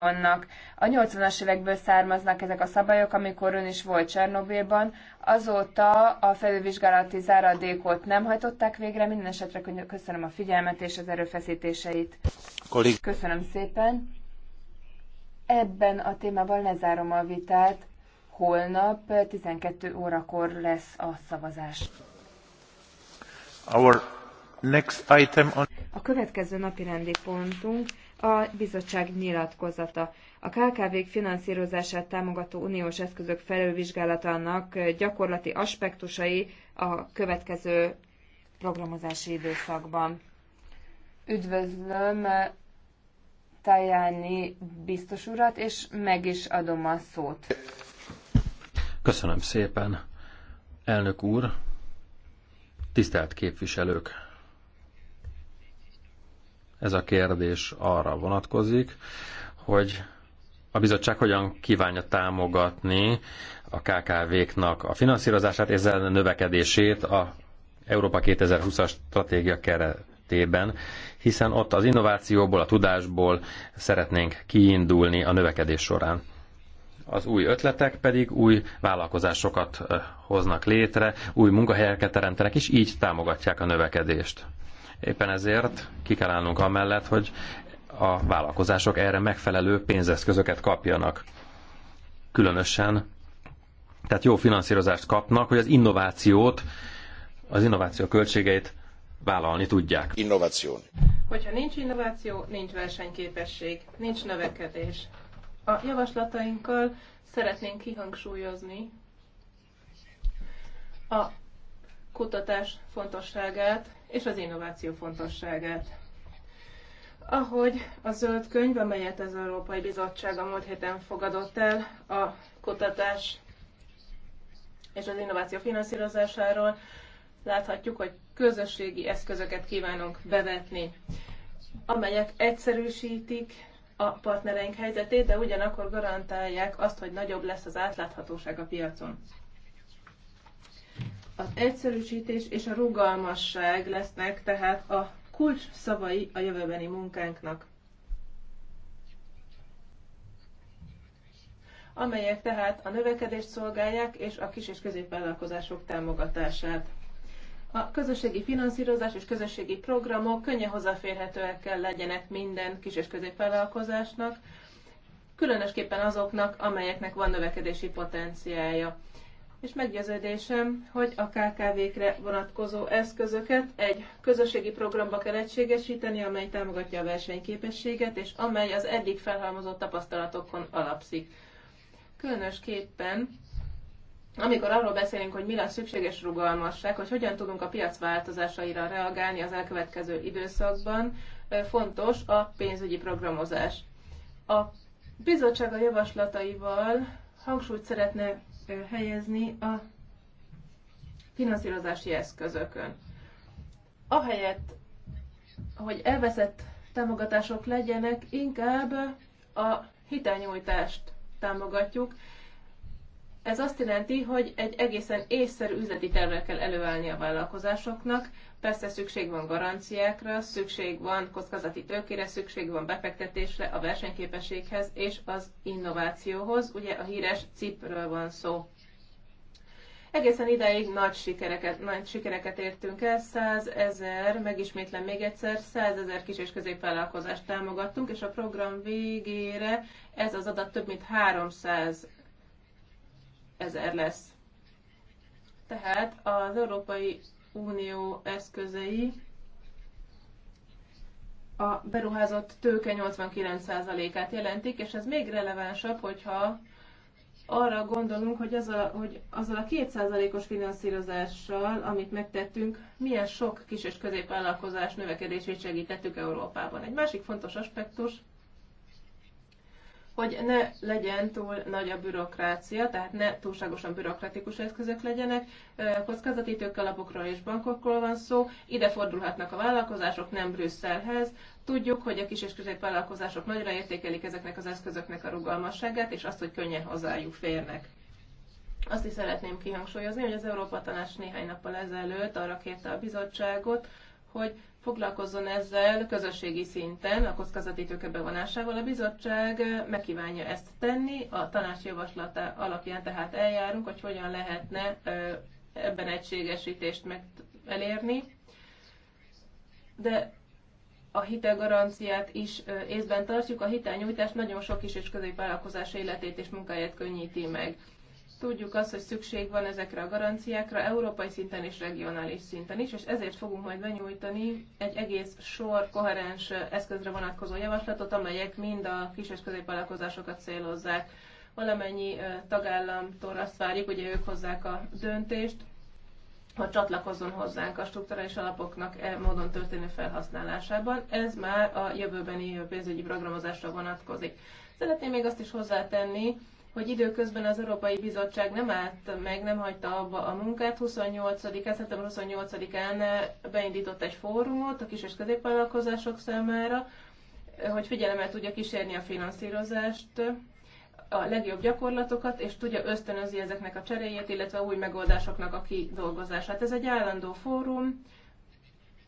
vannak. A 80-as évekből származnak ezek a szabályok, amikor ön is volt Csernobilban. Azóta a felülvizsgálati záradékot nem hajtották végre. Minden esetre köszönöm a figyelmet és az erőfeszítéseit. Köszönöm szépen. Ebben a témában lezárom a vitát. Holnap 12 órakor lesz a szavazás. Our next item on... A következő napi rendi pontunk a bizottság nyilatkozata. A KKV-k finanszírozását támogató uniós eszközök felülvizsgálatának gyakorlati aspektusai a következő programozási időszakban. Üdvözlöm Tajani biztos urat, és meg is adom a szót. Köszönöm szépen, elnök úr, tisztelt képviselők! Ez a kérdés arra vonatkozik, hogy a bizottság hogyan kívánja támogatni a KKV-knak a finanszírozását, ezzel a növekedését a Európa 2020-as stratégia keretében, hiszen ott az innovációból, a tudásból szeretnénk kiindulni a növekedés során. Az új ötletek pedig új vállalkozásokat hoznak létre, új munkahelyeket teremtenek, és így támogatják a növekedést. Éppen ezért ki kell állnunk amellett, hogy a vállalkozások erre megfelelő pénzeszközöket kapjanak. Különösen, tehát jó finanszírozást kapnak, hogy az innovációt, az innováció költségeit vállalni tudják. Innováció. Hogyha nincs innováció, nincs versenyképesség, nincs növekedés. A javaslatainkkal szeretnénk kihangsúlyozni a kutatás fontosságát, és az innováció fontosságát. Ahogy a zöld könyv, amelyet az Európai Bizottság a múlt héten fogadott el a kutatás és az innováció finanszírozásáról, láthatjuk, hogy közösségi eszközöket kívánunk bevetni, amelyek egyszerűsítik a partnereink helyzetét, de ugyanakkor garantálják azt, hogy nagyobb lesz az átláthatóság a piacon. Az egyszerűsítés és a rugalmasság lesznek tehát a kulcs szavai a jövőbeni munkánknak. amelyek tehát a növekedést szolgálják és a kis- és középvállalkozások támogatását. A közösségi finanszírozás és közösségi programok könnyen hozzáférhetőek kell legyenek minden kis- és középvállalkozásnak, különösképpen azoknak, amelyeknek van növekedési potenciálja és meggyőződésem, hogy a KKV-kre vonatkozó eszközöket egy közösségi programba kell egységesíteni, amely támogatja a versenyképességet, és amely az eddig felhalmozott tapasztalatokon alapszik. Különösképpen, amikor arról beszélünk, hogy mi lesz szükséges rugalmasság, hogy hogyan tudunk a piac változásaira reagálni az elkövetkező időszakban, fontos a pénzügyi programozás. A bizottság a javaslataival hangsúlyt szeretne helyezni a finanszírozási eszközökön. Ahelyett, hogy elveszett támogatások legyenek, inkább a hitelnyújtást támogatjuk, ez azt jelenti, hogy egy egészen észszerű üzleti tervre kell előállni a vállalkozásoknak. Persze szükség van garanciákra, szükség van kockázati tőkére, szükség van befektetésre, a versenyképességhez és az innovációhoz. Ugye a híres cipről van szó. Egészen ideig nagy sikereket, nagy sikereket értünk el, 100 ezer, megismétlen még egyszer, 100 ezer kis és középvállalkozást támogattunk, és a program végére ez az adat több mint 300 ezer lesz. Tehát az Európai Unió eszközei a beruházott tőke 89%-át jelentik, és ez még relevánsabb, hogyha arra gondolunk, hogy azzal, hogy azzal a 2%-os finanszírozással, amit megtettünk, milyen sok kis és középvállalkozás növekedését segítettük Európában. Egy másik fontos aspektus, hogy ne legyen túl nagy a bürokrácia, tehát ne túlságosan bürokratikus eszközök legyenek. kockázati alapokról és bankokról van szó, ide fordulhatnak a vállalkozások, nem Brüsszelhez. Tudjuk, hogy a kis és középvállalkozások nagyra értékelik ezeknek az eszközöknek a rugalmasságát, és azt, hogy könnyen hozzájuk férnek. Azt is szeretném kihangsúlyozni, hogy az Európa Tanács néhány nappal ezelőtt arra kérte a bizottságot, hogy foglalkozzon ezzel közösségi szinten a kockázati tőke bevonásával. A bizottság megkívánja ezt tenni, a tanács javaslata alapján tehát eljárunk, hogy hogyan lehetne ebben egységesítést meg elérni. De a hitelgaranciát is észben tartjuk, a hitelnyújtás nagyon sok kis és középvállalkozás életét és munkáját könnyíti meg. Tudjuk azt, hogy szükség van ezekre a garanciákra európai szinten és regionális szinten is, és ezért fogunk majd benyújtani egy egész sor koherens eszközre vonatkozó javaslatot, amelyek mind a kis és középvállalkozásokat célozzák. Valamennyi tagállamtól azt várjuk, hogy ők hozzák a döntést, ha csatlakozzon hozzánk a strukturális alapoknak e módon történő felhasználásában. Ez már a jövőbeni pénzügyi programozásra vonatkozik. Szeretném még azt is hozzátenni, hogy időközben az Európai Bizottság nem állt meg, nem hagyta abba a munkát. 28-án, szeptember 28-án beindított egy fórumot a kis és középvállalkozások számára, hogy figyelemmel tudja kísérni a finanszírozást, a legjobb gyakorlatokat, és tudja ösztönözni ezeknek a cseréjét, illetve új megoldásoknak a kidolgozását. Ez egy állandó fórum,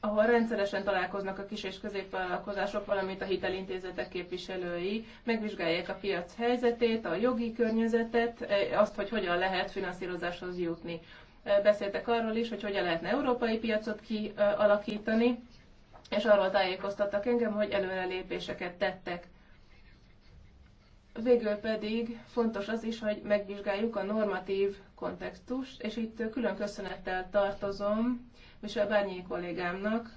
ahol rendszeresen találkoznak a kis és középvállalkozások, valamint a hitelintézetek képviselői, megvizsgálják a piac helyzetét, a jogi környezetet, e, azt, hogy hogyan lehet finanszírozáshoz jutni. E, beszéltek arról is, hogy hogyan lehetne európai piacot kialakítani, és arról tájékoztattak engem, hogy előrelépéseket tettek. Végül pedig fontos az is, hogy megvizsgáljuk a normatív kontextust, és itt külön köszönettel tartozom a Barnier kollégámnak,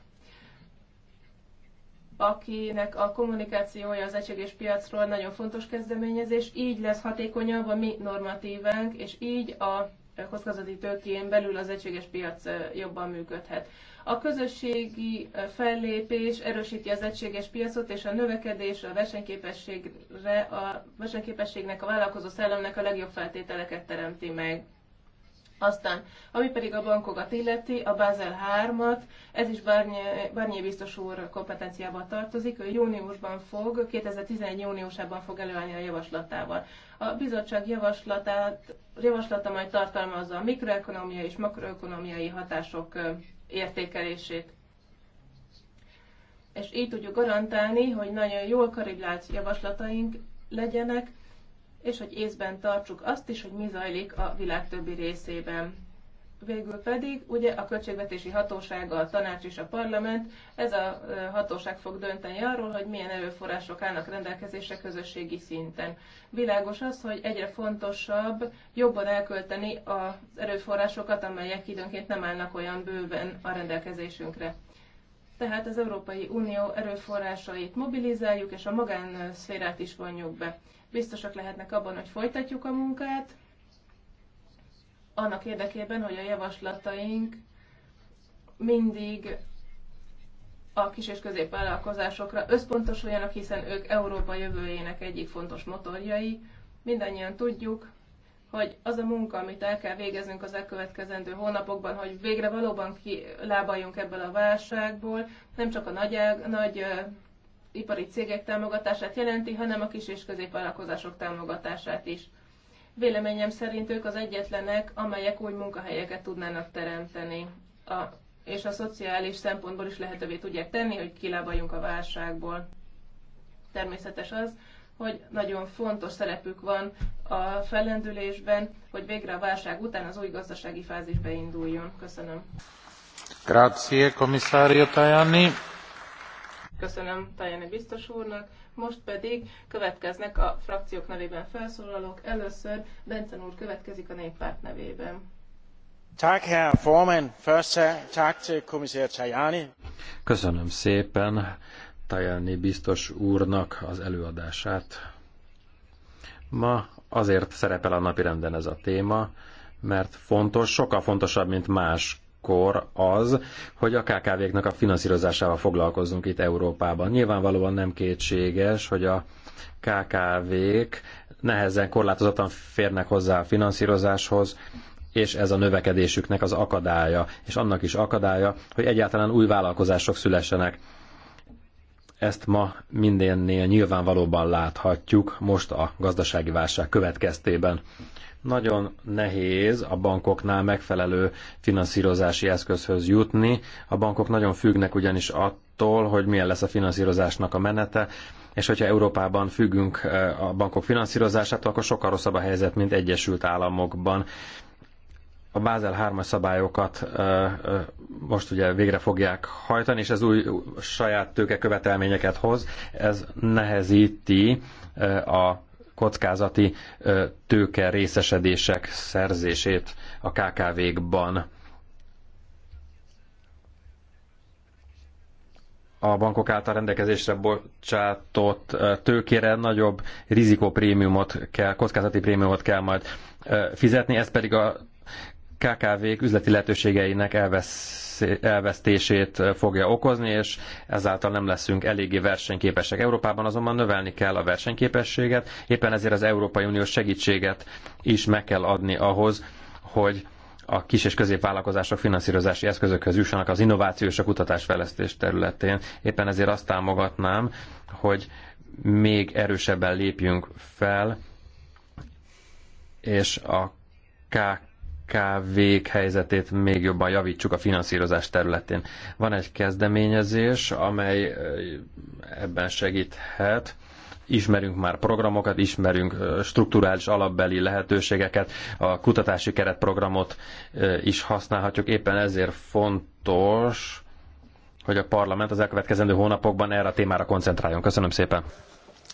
akinek a kommunikációja az egységes piacról nagyon fontos kezdeményezés, így lesz hatékonyabb a mi normatívánk, és így a kockázati tőkén belül az egységes piac jobban működhet. A közösségi fellépés erősíti az egységes piacot, és a növekedés a, versenyképességre, a versenyképességnek, a vállalkozó szellemnek a legjobb feltételeket teremti meg. Aztán, ami pedig a bankokat illeti, a Basel 3-at, ez is Barnier, Barnier biztos úr kompetenciába tartozik, ő júniusban fog, 2011 júniusában fog előállni a javaslatával. A bizottság javaslatát, javaslata majd tartalmazza a mikroekonomiai és makroekonomiai hatások értékelését. És így tudjuk garantálni, hogy nagyon jól kariblált javaslataink legyenek, és hogy észben tartsuk azt is, hogy mi zajlik a világ többi részében. Végül pedig ugye a költségvetési hatósága, a tanács és a parlament, ez a hatóság fog dönteni arról, hogy milyen erőforrások állnak rendelkezésre közösségi szinten. Világos az, hogy egyre fontosabb jobban elkölteni az erőforrásokat, amelyek időnként nem állnak olyan bőven a rendelkezésünkre tehát az Európai Unió erőforrásait mobilizáljuk, és a magánszférát is vonjuk be. Biztosak lehetnek abban, hogy folytatjuk a munkát, annak érdekében, hogy a javaslataink mindig a kis és középvállalkozásokra összpontosuljanak, hiszen ők Európa jövőjének egyik fontos motorjai. Mindannyian tudjuk, hogy az a munka, amit el kell végeznünk az elkövetkezendő hónapokban, hogy végre valóban kilábaljunk ebből a válságból, nem csak a nagy, nagy ipari cégek támogatását jelenti, hanem a kis és középvállalkozások támogatását is. Véleményem szerint ők az egyetlenek, amelyek új munkahelyeket tudnának teremteni, a, és a szociális szempontból is lehetővé tudják tenni, hogy kilábaljunk a válságból. Természetes az, hogy nagyon fontos szerepük van a fellendülésben, hogy végre a válság után az új gazdasági fázis beinduljon. Köszönöm. Grazie, komisszárió Tajani. Köszönöm Tajani biztos úrnak. Most pedig következnek a frakciók nevében felszólalók. Először Bencen úr következik a néppárt nevében. Tak, herr Forman. first, tak Tajani. Köszönöm szépen. Tajani biztos úrnak az előadását. Ma azért szerepel a napirenden ez a téma, mert fontos, sokkal fontosabb, mint más az, hogy a KKV-knak a finanszírozásával foglalkozzunk itt Európában. Nyilvánvalóan nem kétséges, hogy a KKV-k nehezen korlátozottan férnek hozzá a finanszírozáshoz, és ez a növekedésüknek az akadálya, és annak is akadálya, hogy egyáltalán új vállalkozások szülessenek. Ezt ma mindennél nyilvánvalóban láthatjuk most a gazdasági válság következtében. Nagyon nehéz a bankoknál megfelelő finanszírozási eszközhöz jutni. A bankok nagyon függnek ugyanis attól, hogy milyen lesz a finanszírozásnak a menete, és hogyha Európában függünk eh, a bankok finanszírozásától, akkor sokkal rosszabb a helyzet, mint Egyesült Államokban a Bázel 3 szabályokat most ugye végre fogják hajtani, és ez új saját tőke követelményeket hoz. Ez nehezíti a kockázati tőke részesedések szerzését a KKV-kban. a bankok által rendelkezésre bocsátott tőkére nagyobb rizikóprémiumot kell, kockázati prémiumot kell majd fizetni, ez pedig a KKV-k üzleti lehetőségeinek elvesz, elvesztését fogja okozni, és ezáltal nem leszünk eléggé versenyképesek. Európában azonban növelni kell a versenyképességet, éppen ezért az Európai Uniós segítséget is meg kell adni ahhoz, hogy a kis és középvállalkozások finanszírozási eszközökhöz jussanak az innováció és a kutatásfejlesztés területén. Éppen ezért azt támogatnám, hogy még erősebben lépjünk fel, és a KKV KKV-k helyzetét még jobban javítsuk a finanszírozás területén. Van egy kezdeményezés, amely ebben segíthet ismerünk már programokat, ismerünk strukturális alapbeli lehetőségeket, a kutatási keretprogramot is használhatjuk. Éppen ezért fontos, hogy a parlament az elkövetkezendő hónapokban erre a témára koncentráljon. Köszönöm szépen!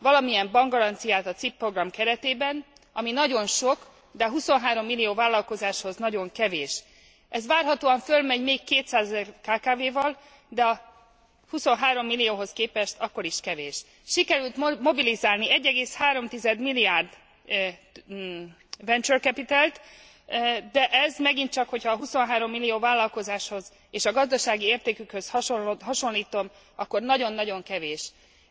valamilyen bankgaranciát a cip program keretében ami nagyon sok de a twenty three millió vállalkozáshoz nagyon kevés. ez várhatóan fölmegy még kétszázezer kkv val de a twenty three millióhoz képest akkor is kevés. sikerült mobilizálni one three milliárd venture capitalt de ez megint csak hogyha a twenty three millió vállalkozáshoz és a gazdasági értékükhöz hasonltom akkor nagyon nagyon kevés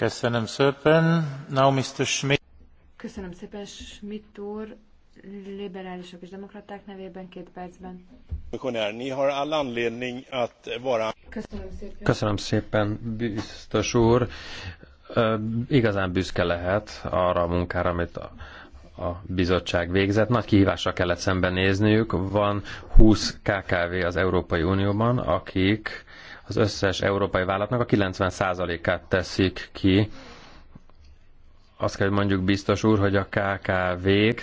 Köszönöm szépen. Now Mr. Schmidt. Köszönöm szépen, Schmidt úr, liberálisok és demokraták nevében két percben. Köszönöm szépen. Köszönöm szépen, biztos úr. Igazán büszke lehet arra a munkára, amit a a bizottság végzett. Nagy kihívásra kellett szembenézniük. Van 20 KKV az Európai Unióban, akik az összes európai vállalatnak a 90%-át teszik ki. Azt kell, hogy mondjuk biztos úr, hogy a KKV-k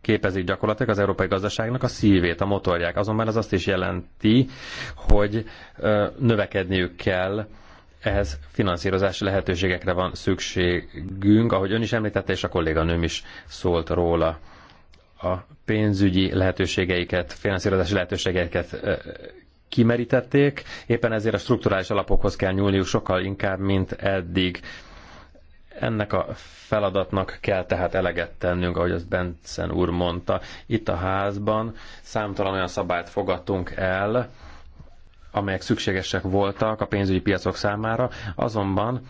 képezik gyakorlatilag az európai gazdaságnak a szívét, a motorják. Azonban ez azt is jelenti, hogy növekedniük kell, ehhez finanszírozási lehetőségekre van szükségünk, ahogy ön is említette, és a kolléganőm is szólt róla. A pénzügyi lehetőségeiket, finanszírozási lehetőségeiket kimerítették, éppen ezért a strukturális alapokhoz kell nyúlniuk sokkal inkább, mint eddig. Ennek a feladatnak kell tehát eleget tennünk, ahogy azt Benson úr mondta. Itt a házban számtalan olyan szabályt fogadtunk el, amelyek szükségesek voltak a pénzügyi piacok számára, azonban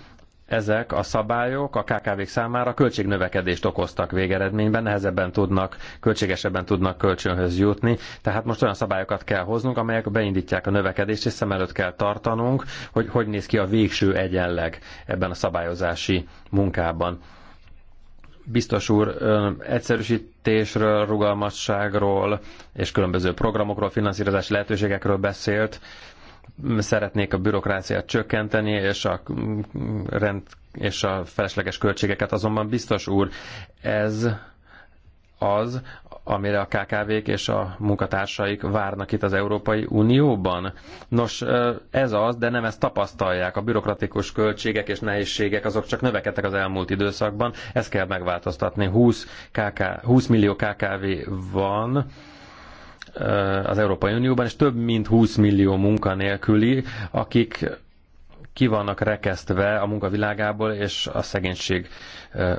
ezek a szabályok a KKV-k számára költségnövekedést okoztak végeredményben, nehezebben tudnak, költségesebben tudnak kölcsönhöz jutni. Tehát most olyan szabályokat kell hoznunk, amelyek beindítják a növekedést, és szem előtt kell tartanunk, hogy hogy néz ki a végső egyenleg ebben a szabályozási munkában. Biztos úr, egyszerűsítésről, rugalmasságról és különböző programokról, finanszírozási lehetőségekről beszélt szeretnék a bürokráciát csökkenteni, és a rend és a felesleges költségeket. Azonban biztos úr, ez az, amire a KKV-k és a munkatársaik várnak itt az Európai Unióban. Nos, ez az, de nem ezt tapasztalják. A bürokratikus költségek és nehézségek azok csak növekedtek az elmúlt időszakban. Ezt kell megváltoztatni. 20, KK, 20 millió KKV van, az Európai Unióban, és több mint 20 millió munkanélküli, akik ki vannak rekesztve a munkavilágából, és a szegénység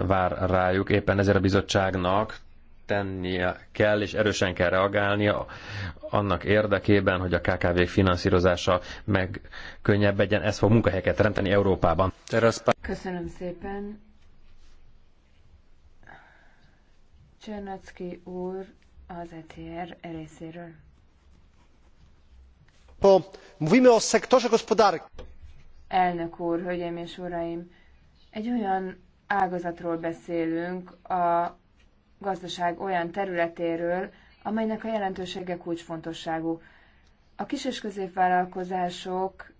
vár rájuk. Éppen ezért a bizottságnak tennie kell, és erősen kell reagálnia annak érdekében, hogy a KKV finanszírozása meg könnyebb legyen. Ez fog munkahelyeket teremteni Európában. Köszönöm szépen. Csernacki úr az ETR részéről. Mówimy o sektorze gospodarki. Elnök úr, hölgyeim és uraim, egy olyan ágazatról beszélünk, a gazdaság olyan területéről, amelynek a jelentősége kulcsfontosságú. A kis- és középvállalkozások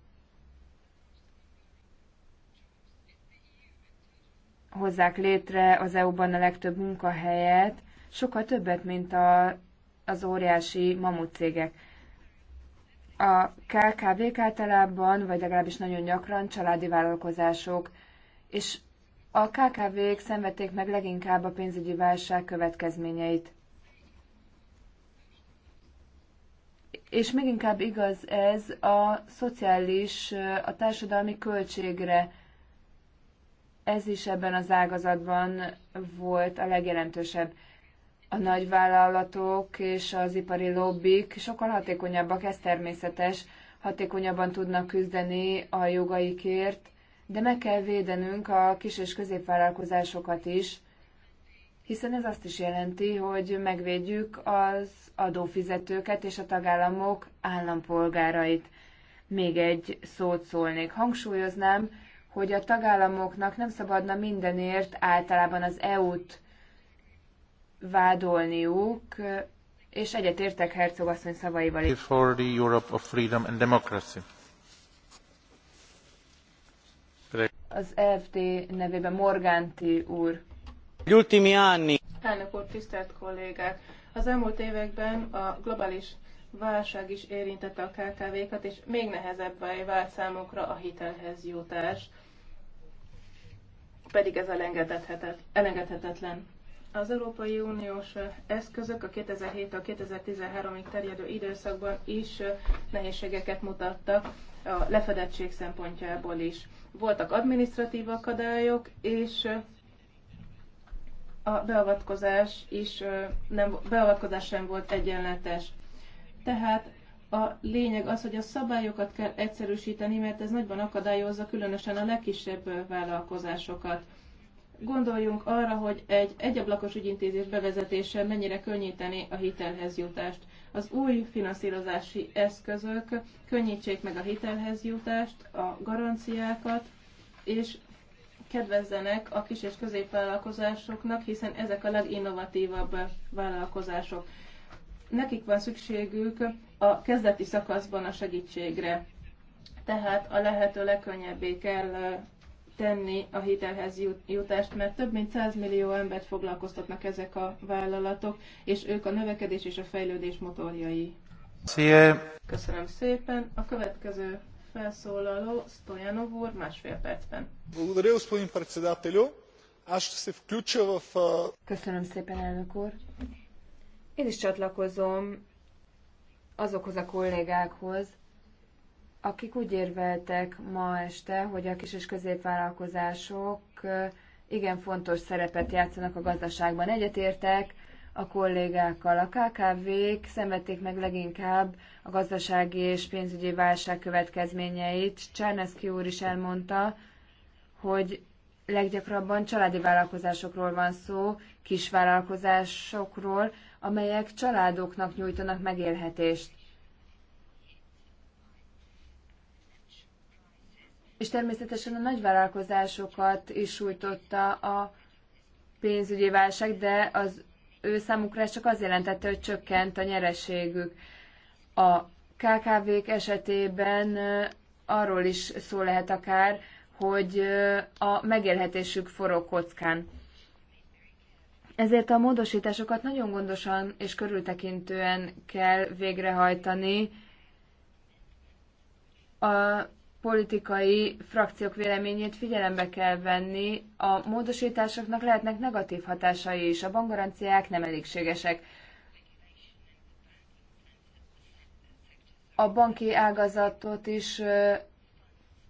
hozzák létre az EU-ban a legtöbb munkahelyet, sokkal többet, mint a, az óriási mamut cégek. A KKV-k általában, vagy legalábbis nagyon gyakran családi vállalkozások, és a KKV-k szenvedték meg leginkább a pénzügyi válság következményeit. És még inkább igaz ez a szociális, a társadalmi költségre. Ez is ebben az ágazatban volt a legjelentősebb a nagyvállalatok és az ipari lobbik sokkal hatékonyabbak, ez természetes, hatékonyabban tudnak küzdeni a jogaikért, de meg kell védenünk a kis- és középvállalkozásokat is, hiszen ez azt is jelenti, hogy megvédjük az adófizetőket és a tagállamok állampolgárait. Még egy szót szólnék. Hangsúlyoznám, hogy a tagállamoknak nem szabadna mindenért általában az EU-t vádolniuk, és egyetértek Herzog asszony szavaival. For the Europe of freedom and democracy. Az EFD nevében Morganti úr. Elnök úr, tisztelt kollégák! Az elmúlt években a globális válság is érintette a KKV-kat, és még nehezebb vált számukra a hitelhez jutás, pedig ez elengedhetetlen. Az Európai Uniós eszközök a 2007-től 2013-ig terjedő időszakban is nehézségeket mutattak a lefedettség szempontjából is. Voltak administratív akadályok, és a beavatkozás is nem, beavatkozás sem volt egyenletes. Tehát a lényeg az, hogy a szabályokat kell egyszerűsíteni, mert ez nagyban akadályozza különösen a legkisebb vállalkozásokat. Gondoljunk arra, hogy egy egyablakos ügyintézés bevezetése mennyire könnyíteni a hitelhez jutást. Az új finanszírozási eszközök könnyítsék meg a hitelhez jutást, a garanciákat, és kedvezzenek a kis és középvállalkozásoknak, hiszen ezek a leginnovatívabb vállalkozások. Nekik van szükségük a kezdeti szakaszban a segítségre. Tehát a lehető legkönnyebbé kell tenni a hitelhez jutást, mert több mint 100 millió embert foglalkoztatnak ezek a vállalatok, és ők a növekedés és a fejlődés motorjai. Szia! Köszönöm szépen. A következő felszólaló Stojanov úr másfél percben. Köszönöm szépen, elnök úr. Én is csatlakozom azokhoz a kollégákhoz, akik úgy érveltek ma este, hogy a kis és középvállalkozások eh, igen fontos szerepet játszanak a gazdaságban. Egyetértek a kollégákkal. A KKV-k szenvedték meg leginkább a gazdasági és pénzügyi válság következményeit. Csárneszki úr is elmondta, hogy leggyakrabban családi vállalkozásokról van szó, kisvállalkozásokról, amelyek családoknak nyújtanak megélhetést és természetesen a nagyvállalkozásokat is sújtotta a pénzügyi válság, de az ő számukra ez csak az jelentette, hogy csökkent a nyereségük. A KKV-k esetében arról is szó lehet akár, hogy a megélhetésük forró kockán. Ezért a módosításokat nagyon gondosan és körültekintően kell végrehajtani. A politikai frakciók véleményét figyelembe kell venni. A módosításoknak lehetnek negatív hatásai is, a bankgaranciák nem elégségesek. A banki ágazatot is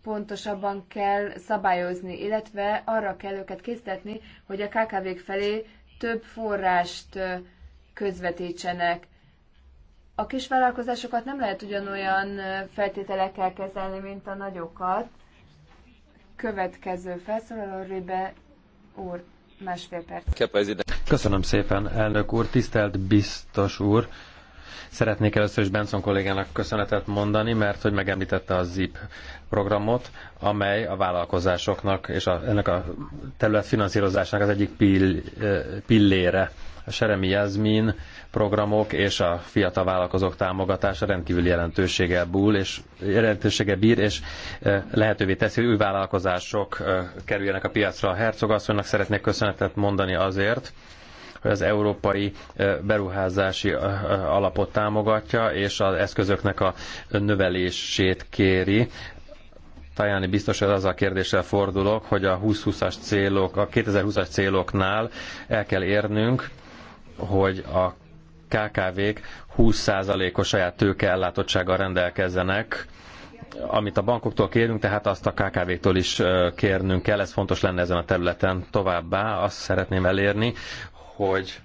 pontosabban kell szabályozni, illetve arra kell őket késztetni, hogy a KKV-k felé több forrást közvetítsenek a kisvállalkozásokat nem lehet ugyanolyan feltételekkel kezelni, mint a nagyokat. Következő felszólaló Ribe úr, másfél perc. Köszönöm szépen, elnök úr, tisztelt biztos úr. Szeretnék először is Benson kollégának köszönetet mondani, mert hogy megemlítette a ZIP programot, amely a vállalkozásoknak és a, ennek a terület finanszírozásának az egyik pill, pillére a Seremi Jazmin programok és a fiatal vállalkozók támogatása rendkívül jelentősége, búl és, jelentősége bír, és e, lehetővé teszi, hogy új vállalkozások e, kerüljenek a piacra. A hercogasszonynak szeretnék köszönetet mondani azért, hogy az európai e, beruházási alapot támogatja, és az eszközöknek a növelését kéri. Tajani biztos, hogy az a kérdéssel fordulok, hogy a 2020-as célok, a 2020-as céloknál el kell érnünk, hogy a KKV-k 20%-os saját tőke ellátottsággal rendelkezzenek, amit a bankoktól kérünk, tehát azt a KKV-tól is kérnünk kell, ez fontos lenne ezen a területen továbbá. Azt szeretném elérni, hogy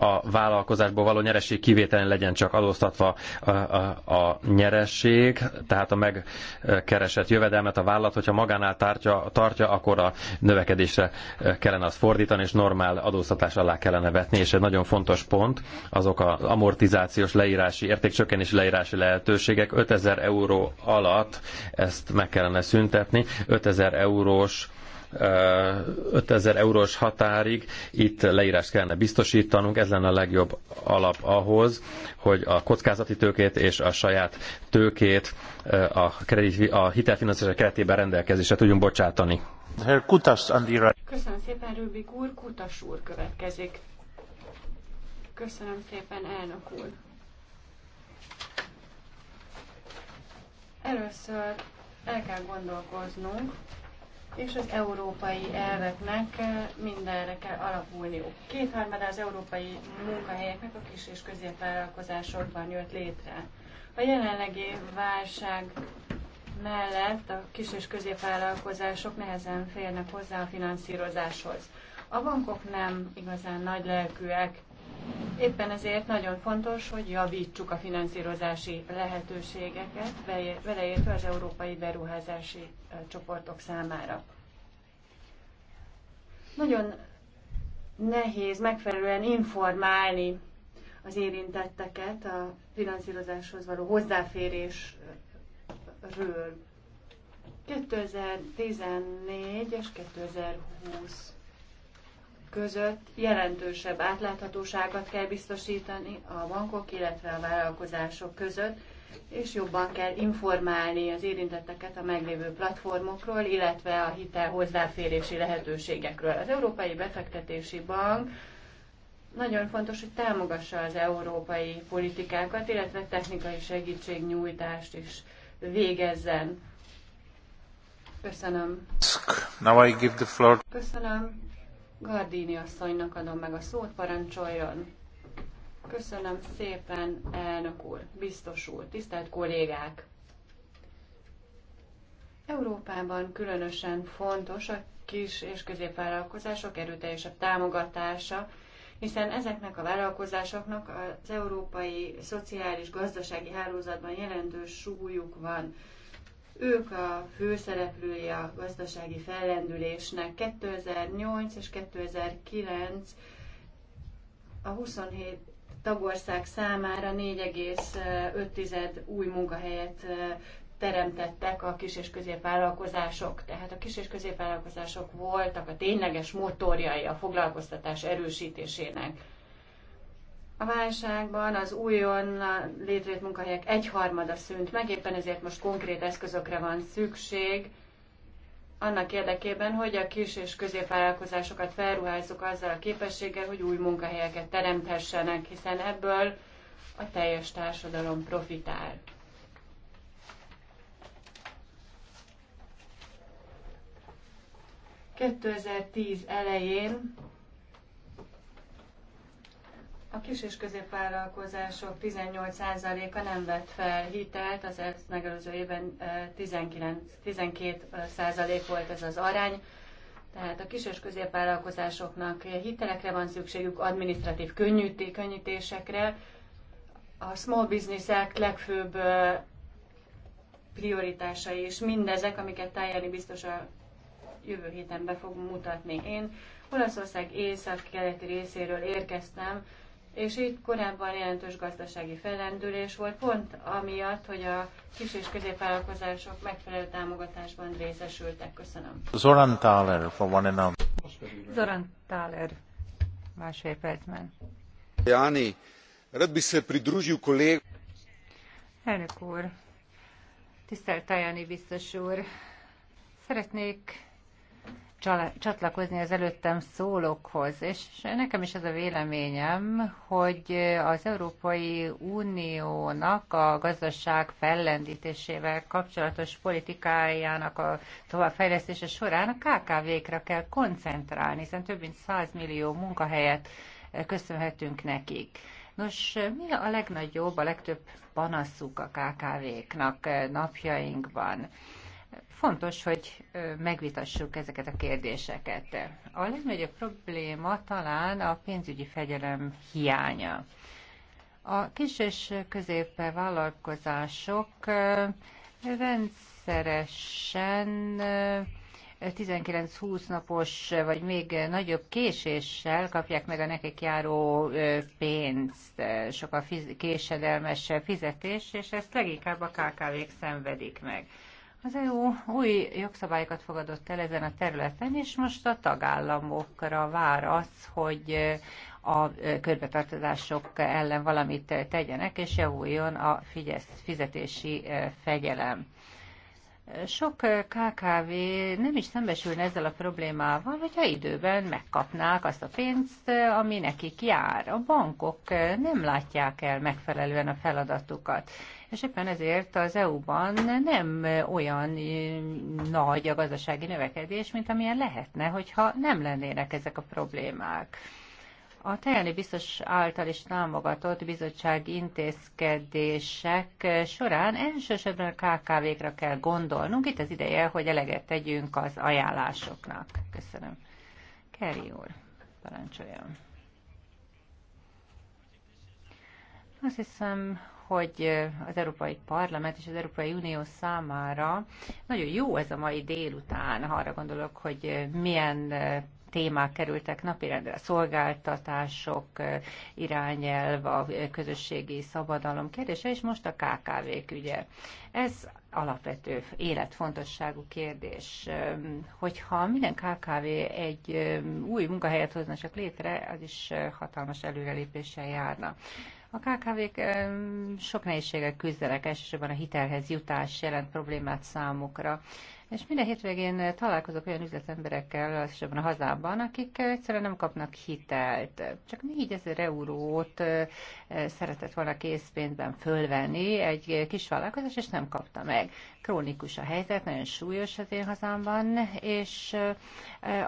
a vállalkozásból való nyereség kivételen legyen csak adóztatva a, a, a nyereség, tehát a megkeresett jövedelmet a vállalat, hogyha magánál tartja, tartja, akkor a növekedésre kellene azt fordítani, és normál adóztatás alá kellene vetni, és egy nagyon fontos pont azok az amortizációs leírási, értékcsökkenési leírási lehetőségek 5000 euró alatt ezt meg kellene szüntetni, 5000 eurós 5000 eurós határig itt leírást kellene biztosítanunk, ez lenne a legjobb alap ahhoz, hogy a kockázati tőkét és a saját tőkét a, kredit, a hitelfinanszírozás keretében rendelkezésre tudjunk bocsátani. Köszönöm szépen, Rubik úr. Kutas úr következik. Köszönöm szépen, elnök úr. Először el kell gondolkoznunk, és az európai elveknek eh, mindenre kell alapulniuk. Kétharmada az európai munkahelyeknek a kis és középvállalkozásokban jött létre. A jelenlegi válság mellett a kis és középvállalkozások nehezen férnek hozzá a finanszírozáshoz. A bankok nem igazán nagy lelkűek, Éppen ezért nagyon fontos, hogy javítsuk a finanszírozási lehetőségeket, beleértve az európai beruházási csoportok számára. Nagyon nehéz megfelelően informálni az érintetteket a finanszírozáshoz való hozzáférésről. 2014 és 2020 között jelentősebb átláthatóságot kell biztosítani a bankok, illetve a vállalkozások között, és jobban kell informálni az érintetteket a meglévő platformokról, illetve a hitel hozzáférési lehetőségekről. Az Európai Befektetési Bank nagyon fontos, hogy támogassa az európai politikákat, illetve technikai segítségnyújtást is végezzen. Köszönöm. Now I give the floor. Köszönöm. Gardini asszonynak adom meg a szót, parancsoljon. Köszönöm szépen, elnök úr, biztos úr, tisztelt kollégák! Európában különösen fontos a kis és középvállalkozások erőteljesebb támogatása, hiszen ezeknek a vállalkozásoknak az európai szociális gazdasági hálózatban jelentős súlyuk van. Ők a főszereplői a gazdasági fellendülésnek. 2008 és 2009 a 27 tagország számára 4,5 új munkahelyet teremtettek a kis- és középvállalkozások. Tehát a kis- és középvállalkozások voltak a tényleges motorjai a foglalkoztatás erősítésének. A válságban az újon létrejött munkahelyek egyharmada szűnt meg, éppen ezért most konkrét eszközökre van szükség, annak érdekében, hogy a kis és középvállalkozásokat felruházzuk azzal a képességgel, hogy új munkahelyeket teremthessenek, hiszen ebből a teljes társadalom profitál. ...2010 elején a kis és középvállalkozások 18%-a nem vett fel hitelt, az ezt megelőző évben 19, 12% volt ez az arány. Tehát a kis és középvállalkozásoknak hitelekre van szükségük, adminisztratív könnyíté, könnyítésekre. A Small Business Act legfőbb prioritásai és mindezek, amiket Tájáni biztos a jövő héten be fog mutatni. Én Olaszország észak-keleti részéről érkeztem, és itt korábban jelentős gazdasági fellendülés volt, pont amiatt, hogy a kis és középvállalkozások megfelelő támogatásban részesültek. Köszönöm. Zoran Thaler, for one and all. Zoran Thaler, másfél percben. Jani, rád by se pridružil kollég... Elnök úr, tisztelt Tajani biztos úr, szeretnék csatlakozni az előttem szólókhoz, és nekem is ez a véleményem, hogy az Európai Uniónak a gazdaság fellendítésével kapcsolatos politikájának a továbbfejlesztése során a KKV-kra kell koncentrálni, hiszen több mint 100 millió munkahelyet köszönhetünk nekik. Nos, mi a legnagyobb, a legtöbb panaszuk a KKV-knak napjainkban? Fontos, hogy megvitassuk ezeket a kérdéseket. A legnagyobb probléma talán a pénzügyi fegyelem hiánya. A kis és középvállalkozások rendszeresen 19-20 napos, vagy még nagyobb késéssel kapják meg a nekik járó pénzt, sokkal késedelmes fizetés, és ezt leginkább a KKV-k szenvedik meg. Az EU új jogszabályokat fogadott el ezen a területen, és most a tagállamokra vár az, hogy a körbetartozások ellen valamit tegyenek, és javuljon a fizetési fegyelem. Sok KKV nem is szembesülne ezzel a problémával, hogyha időben megkapnák azt a pénzt, ami nekik jár. A bankok nem látják el megfelelően a feladatukat. És éppen ezért az EU-ban nem olyan nagy a gazdasági növekedés, mint amilyen lehetne, hogyha nem lennének ezek a problémák. A Tajani biztos által is támogatott bizottsági intézkedések során elsősorban a KKV-kra kell gondolnunk. Itt az ideje, hogy eleget tegyünk az ajánlásoknak. Köszönöm. Keri úr, parancsoljon. Azt hiszem, hogy az Európai Parlament és az Európai Unió számára nagyon jó ez a mai délután. Arra gondolok, hogy milyen témák kerültek napirendre, szolgáltatások, irányelv, a közösségi szabadalom kérdése, és most a KKV-k ügye. Ez alapvető életfontosságú kérdés. Hogyha minden KKV egy új munkahelyet hozna csak létre, az is hatalmas előrelépéssel járna. A KKV-k sok nehézséggel küzdenek, elsősorban a hitelhez jutás jelent problémát számukra. És minden hétvégén találkozok olyan üzletemberekkel, elsősorban a hazában, akik egyszerűen nem kapnak hitelt. Csak 4000 eurót szeretett volna készpénzben fölvenni egy kis vállalkozás, és nem kapta meg. Krónikus a helyzet, nagyon súlyos az én hazámban, és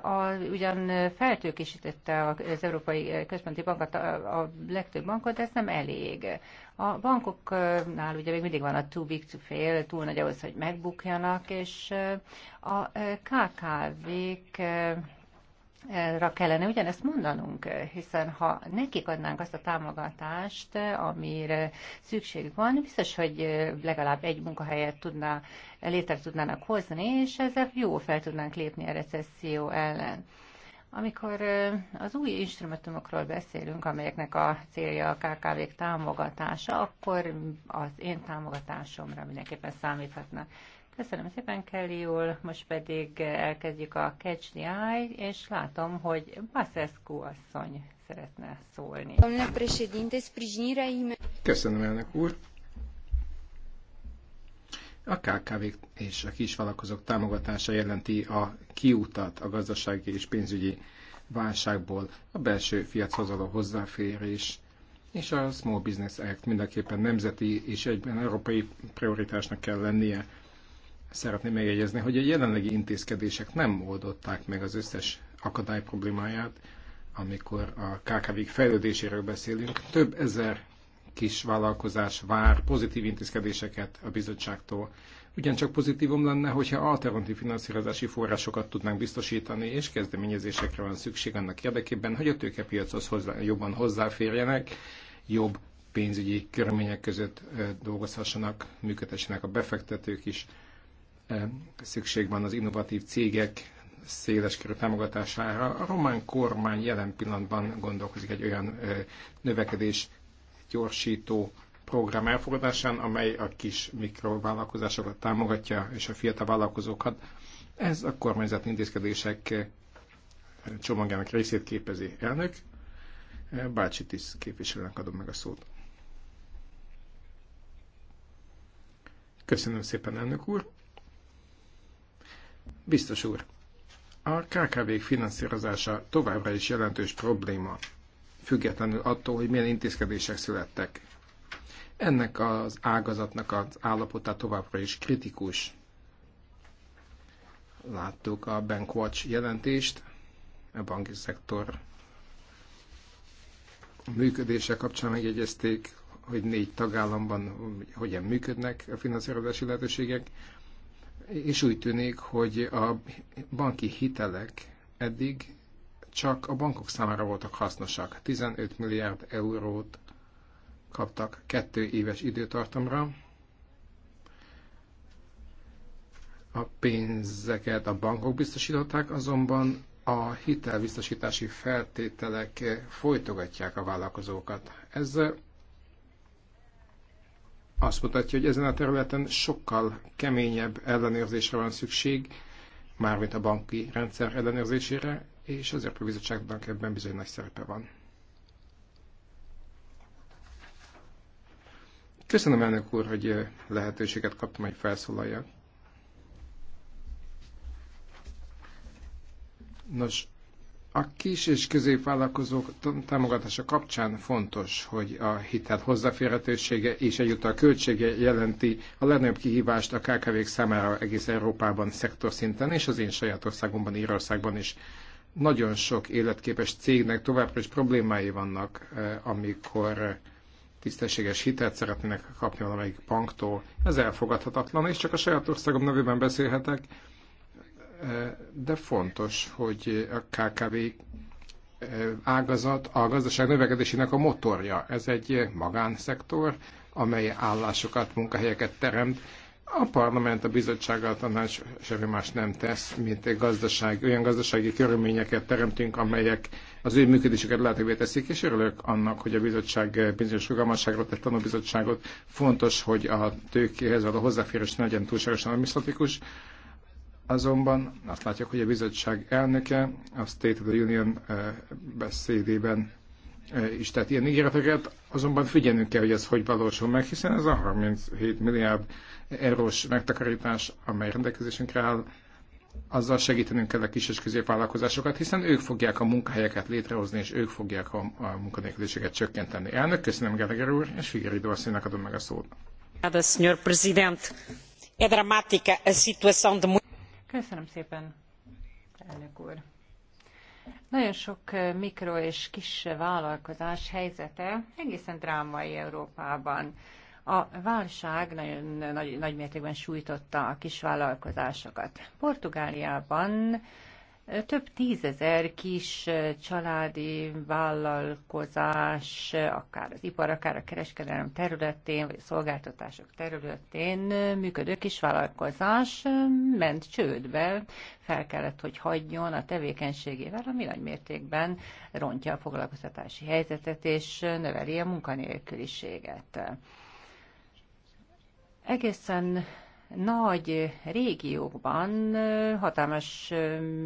a, ugyan feltőkésítette az Európai Központi Bank a, a legtöbb bankot, de ez nem elég. A bankoknál ugye még mindig van a too big to fail, túl nagy ahhoz, hogy megbukjanak, és a KKV-k ra kellene ugyanezt mondanunk, hiszen ha nekik adnánk azt a támogatást, amire szükségük van, biztos, hogy legalább egy munkahelyet tudná, létre tudnának hozni, és ezzel jó fel tudnánk lépni a recesszió ellen. Amikor az új instrumentumokról beszélünk, amelyeknek a célja a KKV-k támogatása, akkor az én támogatásomra mindenképpen számíthatnak. Köszönöm szépen, Kelly úr. Most pedig elkezdjük a Catch the Eye, és látom, hogy Basescu asszony szeretne szólni. Köszönöm, elnök úr. A kkv és a kisvállalkozók támogatása jelenti a kiutat a gazdasági és pénzügyi válságból, a belső piachoz való hozzáférés és a Small Business Act mindenképpen nemzeti és egyben európai prioritásnak kell lennie. Szeretném megjegyezni, hogy a jelenlegi intézkedések nem oldották meg az összes akadály problémáját, amikor a kkv fejlődéséről beszélünk. Több ezer kis vállalkozás vár pozitív intézkedéseket a bizottságtól. Ugyancsak pozitívum lenne, hogyha alternatív finanszírozási forrásokat tudnánk biztosítani, és kezdeményezésekre van szükség annak érdekében, hogy a tőkepiachoz hozzá, jobban hozzáférjenek, jobb pénzügyi körülmények között dolgozhassanak, működhessenek a befektetők is. Szükség van az innovatív cégek széles körű támogatására. A román kormány jelen pillanatban gondolkozik egy olyan növekedés gyorsító program elfogadásán, amely a kis mikrovállalkozásokat támogatja és a fiatal vállalkozókat. Ez a kormányzati intézkedések eh, csomagjának részét képezi elnök. Eh, Bácsi Tisz képviselőnek adom meg a szót. Köszönöm szépen, elnök úr. Biztos úr, a KKV-k finanszírozása továbbra is jelentős probléma függetlenül attól, hogy milyen intézkedések születtek. Ennek az ágazatnak az állapota továbbra is kritikus. Láttuk a Bankwatch jelentést, a banki szektor működése kapcsán megjegyezték, hogy négy tagállamban hogyan működnek a finanszírozási lehetőségek, és úgy tűnik, hogy a banki hitelek eddig csak a bankok számára voltak hasznosak. 15 milliárd eurót kaptak kettő éves időtartamra. A pénzeket a bankok biztosították, azonban a hitelbiztosítási feltételek folytogatják a vállalkozókat. Ez azt mutatja, hogy ezen a területen sokkal keményebb ellenőrzésre van szükség, mármint a banki rendszer ellenőrzésére, és az Európai Bizottságnak ebben bizony nagy szerepe van. Köszönöm elnök úr, hogy eh, lehetőséget kaptam, hogy felszólaljak. Nos, a kis és középvállalkozók támogatása kapcsán fontos, hogy a hitel hozzáférhetősége és egyúttal a költsége jelenti a legnagyobb kihívást a KKV-k számára egész Európában, szektorszinten és az én saját országomban, Írországban is. Nagyon sok életképes cégnek továbbra is problémái vannak, eh, amikor eh, tisztességes hitelt szeretnének kapni valamelyik banktól. Ez elfogadhatatlan, és csak a saját országom nevében beszélhetek, eh, de fontos, hogy a KKV ágazat a gazdaság növekedésének a motorja. Ez egy magánszektor, amely állásokat, munkahelyeket teremt, a parlament, a bizottság, a tanács semmi más nem tesz, mint egy gazdaság, olyan gazdasági körülményeket teremtünk, amelyek az ő működésüket lehetővé teszik, és örülök annak, hogy a bizottság bizonyos rugalmasságra tett tanúbizottságot. Fontos, hogy a tőkéhez való hozzáférés ne legyen túlságosan administratikus, azonban azt látjuk, hogy a bizottság elnöke a State of the Union eh, beszédében Eh, is tett ilyen ígéreteket, azonban figyelnünk kell, hogy ez hogy valósul meg, hiszen ez a 37 milliárd eurós megtakarítás, amely rendelkezésünkre áll, azzal segítenünk kell a kis és középvállalkozásokat, hiszen ők fogják a munkahelyeket létrehozni, és ők fogják a, a munkanélküliséget csökkenteni. Elnök, köszönöm Gallagher úr, és Figueredo asszonynak adom meg a szót. Köszönöm szépen, elnök úr. Nagyon sok mikro és kis vállalkozás helyzete egészen drámai Európában. A válság nagyon nagy, nagy mértékben sújtotta a kis vállalkozásokat. Portugáliában több tízezer kis családi vállalkozás, akár az ipar, akár a kereskedelem területén, vagy a szolgáltatások területén működő kis vállalkozás ment csődbe, fel kellett, hogy hagyjon a tevékenységével, ami nagy mértékben rontja a foglalkoztatási helyzetet és növeli a munkanélküliséget. Egészen nagy régiókban hatalmas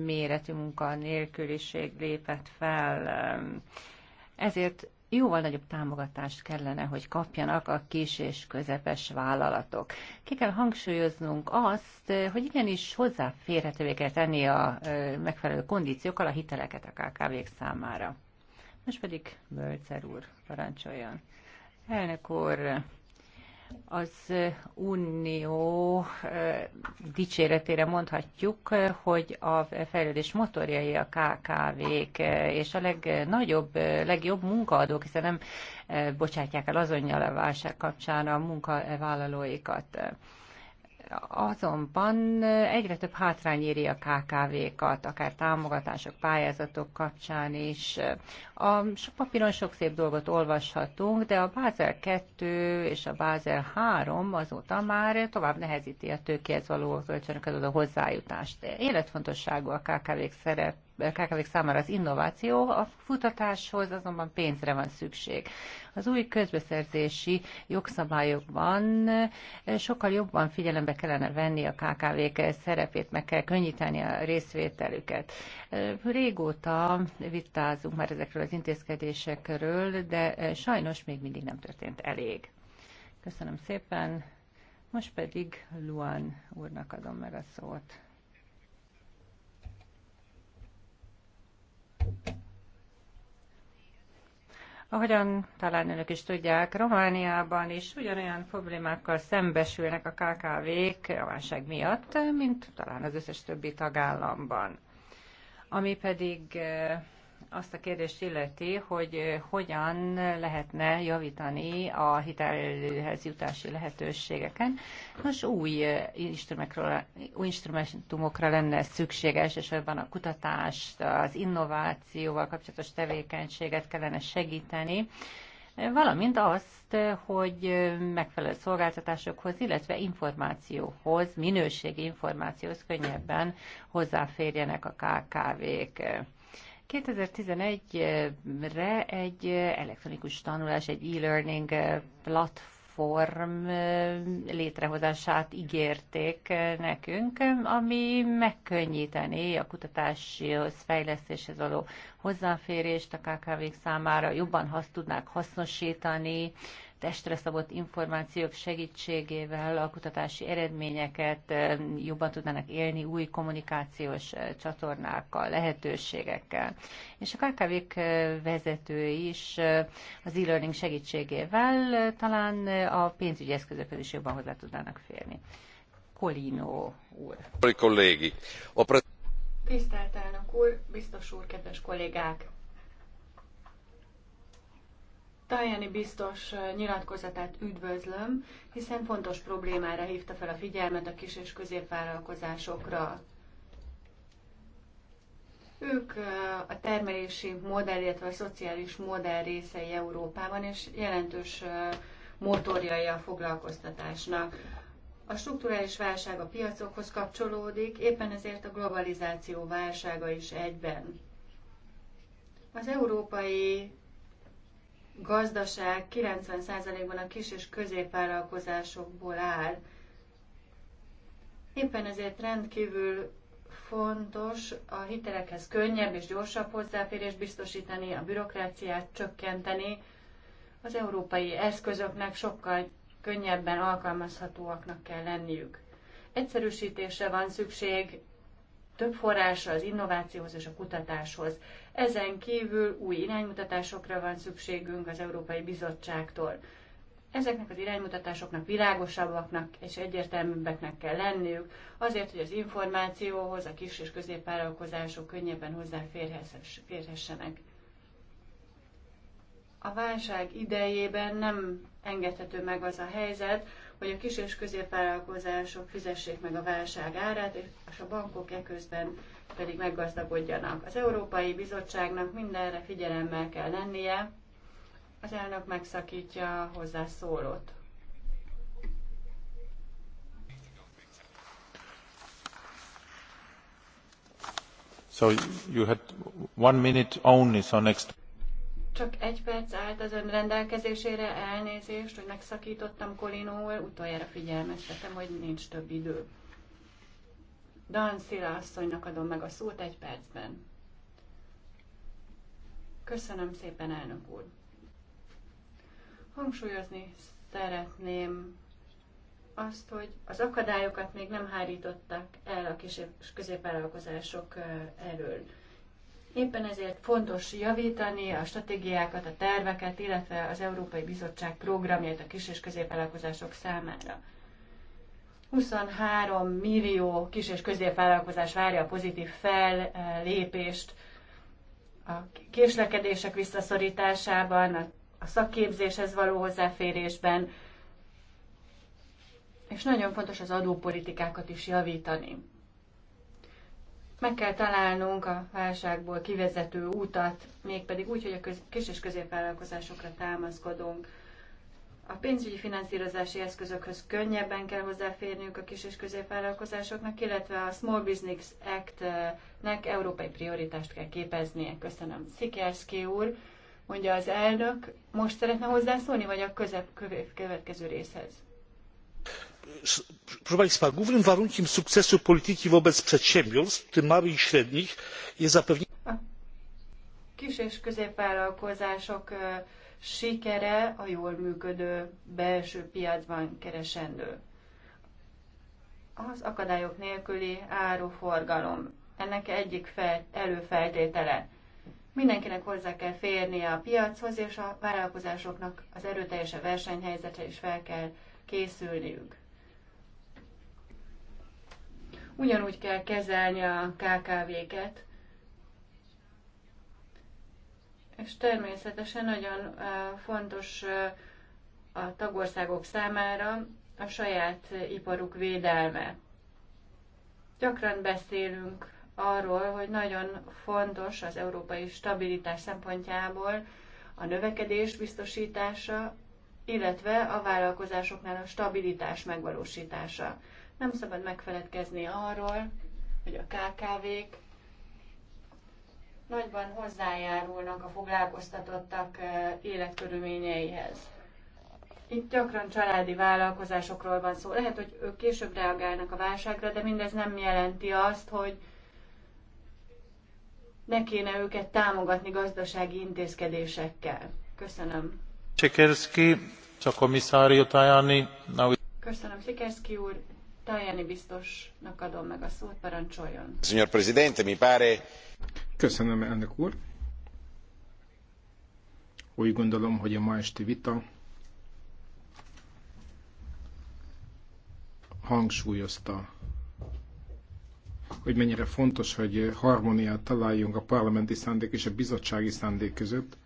méretű munkanélküliség lépett fel. Ezért jóval nagyobb támogatást kellene, hogy kapjanak a kis és közepes vállalatok. Ki kell hangsúlyoznunk azt, hogy igenis hozzáférhetővé kell tenni a megfelelő kondíciókkal a hiteleket a KKV-k számára. Most pedig Bölcer úr parancsoljon. Elnök úr, az Unió dicséretére mondhatjuk, hogy a fejlődés motorjai a KKV-k, és a legnagyobb, legjobb munkaadók, hiszen nem bocsátják el azonnyal a válság kapcsán a munkavállalóikat azonban egyre több hátrány éri a KKV-kat, akár támogatások, pályázatok kapcsán is. A papíron sok szép dolgot olvashatunk, de a Bázel 2 és a Bázel 3 azóta már tovább nehezíti a tőkéhez való kölcsönöket a hozzájutást. Életfontosságú a KKV-k szerep kkv számára az innováció, a futatáshoz azonban pénzre van szükség. Az új közbeszerzési jogszabályokban sokkal jobban figyelembe kellene venni a KKV-k szerepét, meg kell könnyíteni a részvételüket. Régóta vitázunk már ezekről az intézkedésekről, de sajnos még mindig nem történt elég. Köszönöm szépen, most pedig Luan úrnak adom meg a szót. Ahogyan talán önök is tudják, Romániában is ugyanolyan problémákkal szembesülnek a KKV-k a válság miatt, mint talán az összes többi tagállamban. Ami pedig eh, azt a kérdést illeti, hogy hogyan lehetne javítani a hitelhez jutási lehetőségeken. Most új, új instrumentumokra lenne szükség, elsősorban a kutatást, az innovációval kapcsolatos tevékenységet kellene segíteni, valamint azt, hogy megfelelő szolgáltatásokhoz, illetve információhoz, minőségi információhoz könnyebben hozzáférjenek a KKV-k. 2011-re egy elektronikus tanulás, egy e-learning eh, platform, eh, létrehozását ígérték eh, nekünk, ami megkönnyítené a kutatáshoz, fejlesztéshez való hozzáférést a KKV-k számára, jobban hasz tudnák hasznosítani testre szabott információk segítségével a kutatási eredményeket jobban tudnának élni új kommunikációs csatornákkal, lehetőségekkel. És a kkv vezetői is az e-learning segítségével talán a pénzügyi eszközökhez is jobban hozzá tudnának férni. Kolino úr. Tisztelt elnök úr, biztos úr, kedves kollégák! Tajani biztos nyilatkozatát üdvözlöm, hiszen fontos problémára hívta fel a figyelmet a kis- és középvállalkozásokra. Ők a termelési modell, illetve a szociális modell részei Európában, és jelentős motorjai a foglalkoztatásnak. A strukturális válság a piacokhoz kapcsolódik, éppen ezért a globalizáció válsága is egyben. Az európai gazdaság 90%-ban a kis és középvállalkozásokból áll. Éppen ezért rendkívül fontos a hitelekhez könnyebb és gyorsabb hozzáférést biztosítani, a bürokráciát csökkenteni, az európai eszközöknek sokkal könnyebben alkalmazhatóaknak kell lenniük. Egyszerűsítésre van szükség, több forrásra az innovációhoz és a kutatáshoz. Ezen kívül új iránymutatásokra van szükségünk az Európai Bizottságtól. Ezeknek az iránymutatásoknak világosabbaknak és egyértelműbbeknek kell lenniük, azért, hogy az információhoz a kis és középvállalkozások könnyebben hozzáférhessenek. A válság idejében nem engedhető meg az a helyzet, hogy a kis és középvállalkozások fizessék meg a válság árát, és a bankok eközben pedig meggazdagodjanak. Az Európai Bizottságnak mindenre figyelemmel kell lennie, az elnök megszakítja a hozzászólót. So you had one minute only, so next. Csak egy perc állt az ön rendelkezésére, elnézést, hogy megszakítottam Kolinóval, utoljára figyelmeztetem, hogy nincs több idő. Dan Szila asszonynak adom meg a szót egy percben. Köszönöm szépen, elnök úr. Hangsúlyozni szeretném azt, hogy az akadályokat még nem hárították el a kis és középvállalkozások elől Éppen ezért fontos javítani a stratégiákat, a terveket, illetve az Európai Bizottság programját a kis- és középvállalkozások számára. 23 millió kis- és középvállalkozás várja a pozitív fellépést a késlekedések visszaszorításában, a szakképzéshez való hozzáférésben, és nagyon fontos az adópolitikákat is javítani. Meg kell találnunk a válságból kivezető útat, mégpedig úgy, hogy a köz- kis- és középvállalkozásokra támaszkodunk. A pénzügyi finanszírozási eszközökhöz könnyebben kell hozzáférniük a kis- és középvállalkozásoknak, illetve a Small Business Act-nek európai prioritást kell képeznie. Köszönöm. Szikerszki úr, mondja az elnök, most szeretne hozzászólni, vagy a közep- következő részhez? głównym warunkiem sukcesu polityki wobec przedsiębiorstw w tym małych i średnich jest zapewnienie. a kis és középvállalkozások e, sikere a jól működő belső piacban keresendő. Az akadályok nélküli áruforgalom. Ennek egyik fel, előfeltétele. Mindenkinek hozzá kell férnie a piachoz, és a vállalkozásoknak az erőteljes versenyhelyzetre is fel kell készülniük ugyanúgy kell kezelni a KKV-ket, és természetesen nagyon fontos a tagországok számára a saját iparuk védelme. Gyakran beszélünk arról, hogy nagyon fontos az európai stabilitás szempontjából a növekedés biztosítása, illetve a vállalkozásoknál a stabilitás megvalósítása. Nem szabad megfeledkezni arról, hogy a KKV-k nagyban hozzájárulnak a foglalkoztatottak életkörülményeihez. Itt gyakran családi vállalkozásokról van szó. Lehet, hogy ők később reagálnak a válságra, de mindez nem jelenti azt, hogy ne kéne őket támogatni gazdasági intézkedésekkel. Köszönöm. Sikerski, csak komisszárió Tajani. Köszönöm, Sikerski úr. Tajani biztosnak adom meg a szót, parancsoljon. Signor Presidente, mi pare... Köszönöm, elnök úr. Úgy gondolom, hogy a ma esti vita hangsúlyozta, hogy mennyire fontos, hogy harmóniát találjunk a parlamenti szándék és a bizottsági szándék között,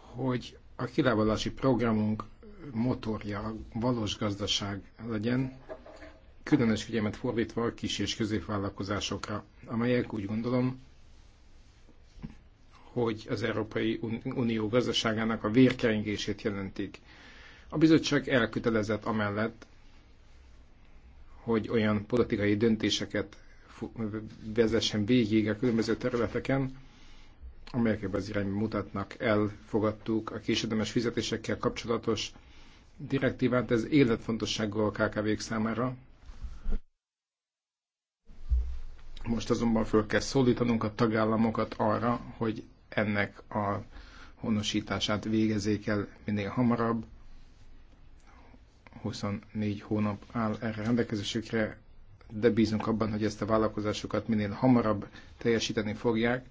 hogy a kilávalási programunk motorja valós gazdaság legyen, különös figyelmet fordítva a kis és középvállalkozásokra, amelyek úgy gondolom, hogy az Európai Unió gazdaságának a vérkeringését jelentik. A bizottság elkötelezett amellett, hogy olyan politikai döntéseket vezessen végig a különböző területeken, amelyek ebben az irányban mutatnak. Elfogadtuk a késedemes fizetésekkel kapcsolatos direktívát, ez életfontosságú a KKV-k számára. Most azonban föl kell szólítanunk a tagállamokat arra, hogy ennek a honosítását végezzék el minél hamarabb. 24 hónap áll erre rendelkezésükre, de bízunk abban, hogy ezt a vállalkozásokat minél hamarabb teljesíteni fogják,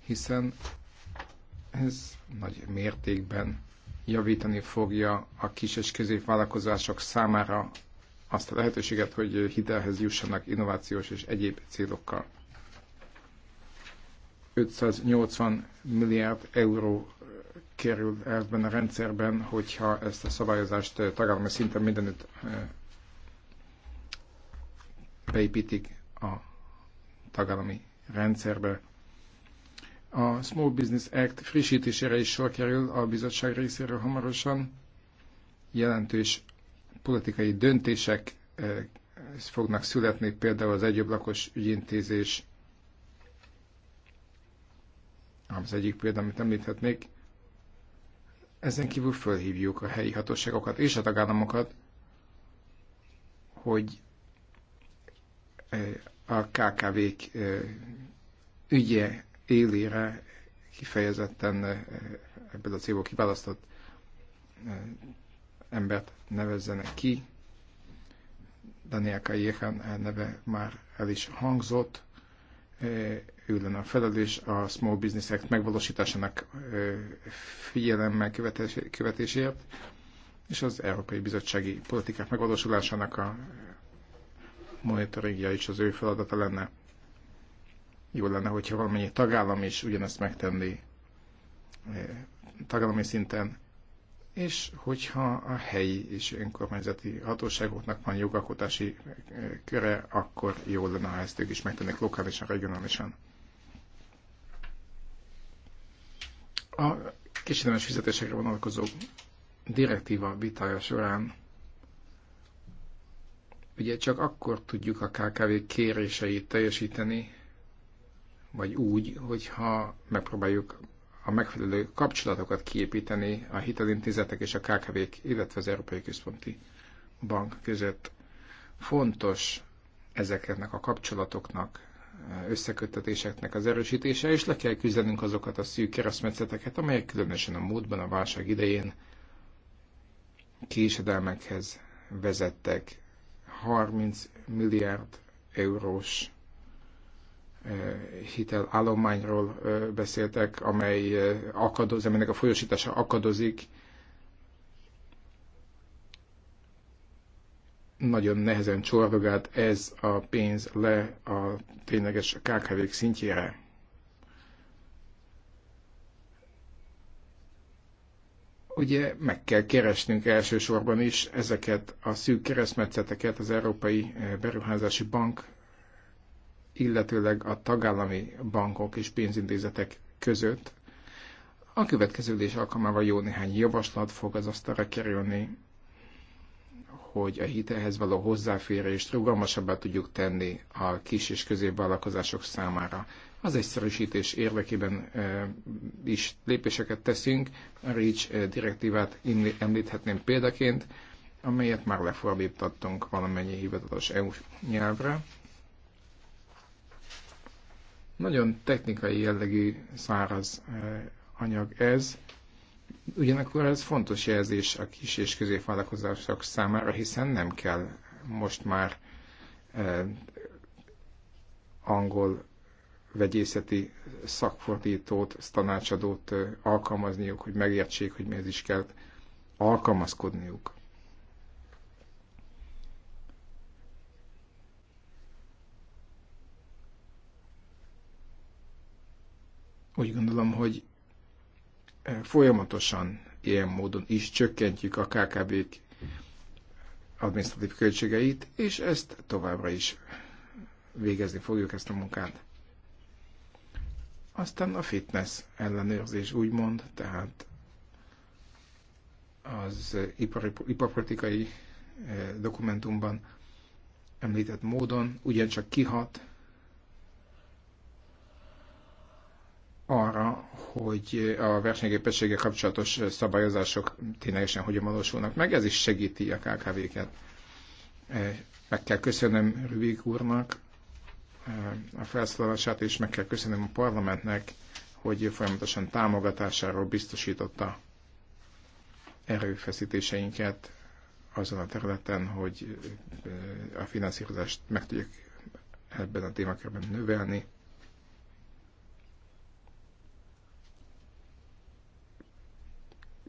hiszen ez nagy mértékben javítani fogja a kis és középvállalkozások számára azt a lehetőséget, hogy hitelhez jussanak innovációs és egyéb célokkal. 580 milliárd euró kerül ebben a rendszerben, hogyha ezt a szabályozást tagállami szinten mindenütt eh, beépítik a tagállami rendszerbe. A Small Business Act frissítésére is sor kerül a bizottság részéről hamarosan. Jelentős politikai döntések eh, fognak születni, például az egyoblakos ügyintézés, az egyik példa, amit említhetnék. Ezen kívül fölhívjuk a helyi hatóságokat és a tagállamokat, hogy eh, a KKV-k eh, ügye élére kifejezetten eh, ebből a célból kiválasztott eh, embert nevezzenek ki. Daniel Kajéhan e neve már el is hangzott. Eh, ő lenne a felelős a Small Business Act megvalósításának figyelemmel követéséért, és az Európai Bizottsági Politikák megvalósulásának a monitoringja is az ő feladata lenne. Jó lenne, hogyha valamennyi tagállam is ugyanezt megtenni eh, tagállami szinten, és hogyha a helyi és önkormányzati hatóságoknak van jogalkotási eh, köre, akkor jó lenne, ha ezt ők is megtennék lokálisan, regionálisan. A kisidemes fizetésekre vonatkozó direktíva vitája során ugye csak akkor tudjuk a KKV kéréseit teljesíteni, vagy úgy, hogyha megpróbáljuk a megfelelő kapcsolatokat kiépíteni a hitelintézetek és a KKV-k, illetve az Európai Központi Bank között. Fontos ezeknek a kapcsolatoknak, összeköttetéseknek az erősítése, és le kell küzdenünk azokat a szűk keresztmetszeteket, amelyek különösen a módban, a válság idején késedelmekhez vezettek. 30 milliárd eurós Eh, hitelállományról eh, beszéltek, amely eh, akadoz, aminek a folyosítása akadozik. Nagyon nehezen csordogált ez a pénz le a tényleges kkv szintjére. Ugye meg kell keresnünk elsősorban is ezeket a szűk keresztmetszeteket az Európai Beruházási Bank illetőleg a tagállami bankok és pénzintézetek között. A következő ülés alkalmával jó néhány javaslat fog az asztalra kerülni, hogy a hitelhez való hozzáférést rugalmasabbá tudjuk tenni a kis és középvállalkozások számára. Az egyszerűsítés érdekében e, is lépéseket teszünk, a REACH direktívát említhetném példaként, amelyet már lefordítottunk valamennyi hivatalos EU nyelvre nagyon technikai jellegű száraz eh, anyag ez, ugyanakkor ez fontos jelzés a kis és középvállalkozások számára, hiszen nem kell most már eh, angol vegyészeti szakfordítót, tanácsadót eh, alkalmazniuk, hogy megértsék, hogy mihez is kell alkalmazkodniuk. Úgy gondolom, hogy eh, folyamatosan ilyen módon is csökkentjük a KKB-k adminisztratív költségeit, és ezt továbbra is végezni fogjuk ezt a munkát. Aztán a fitness ellenőrzés úgymond, tehát az eh, ipapolitikai eh, dokumentumban említett módon ugyancsak kihat arra, hogy a versenyképességgel kapcsolatos szabályozások ténylegesen hogyan valósulnak meg. Ez is segíti a KKV-ket. E, meg kell köszönöm Rübik úrnak e, a felszólalását, és meg kell köszönöm a parlamentnek, hogy folyamatosan támogatásáról biztosította erőfeszítéseinket azon a területen, hogy e, a finanszírozást meg tudjuk ebben a témakörben növelni.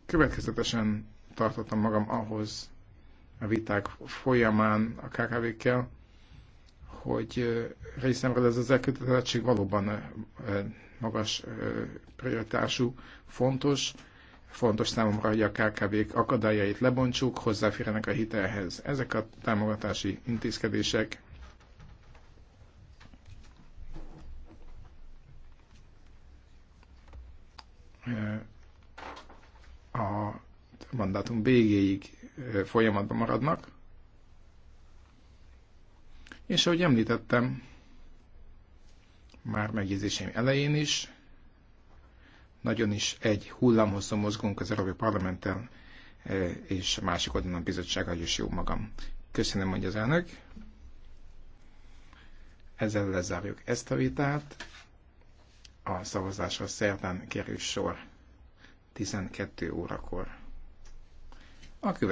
következetesen tartottam magam ahhoz a viták folyamán a KKV-kkel, hogy részemről ez az elkötelezettség valóban magas prioritású, fontos. Fontos számomra, hogy a KKV-k akadályait lebontsuk, hozzáférjenek a hitelhez. Ezek a támogatási intézkedések a mandátum végéig folyamatban maradnak. És ahogy említettem, már megjegyzéseim elején is, nagyon is egy hullámhosszú mozgunk az Európai Parlamenttel, és a másik oldalon a bizottsággal is jó magam. Köszönöm, mondja az elnök. Ezzel lezárjuk ezt a vitát. A szavazásra szerdán kerül sor. 12 órakor. A követ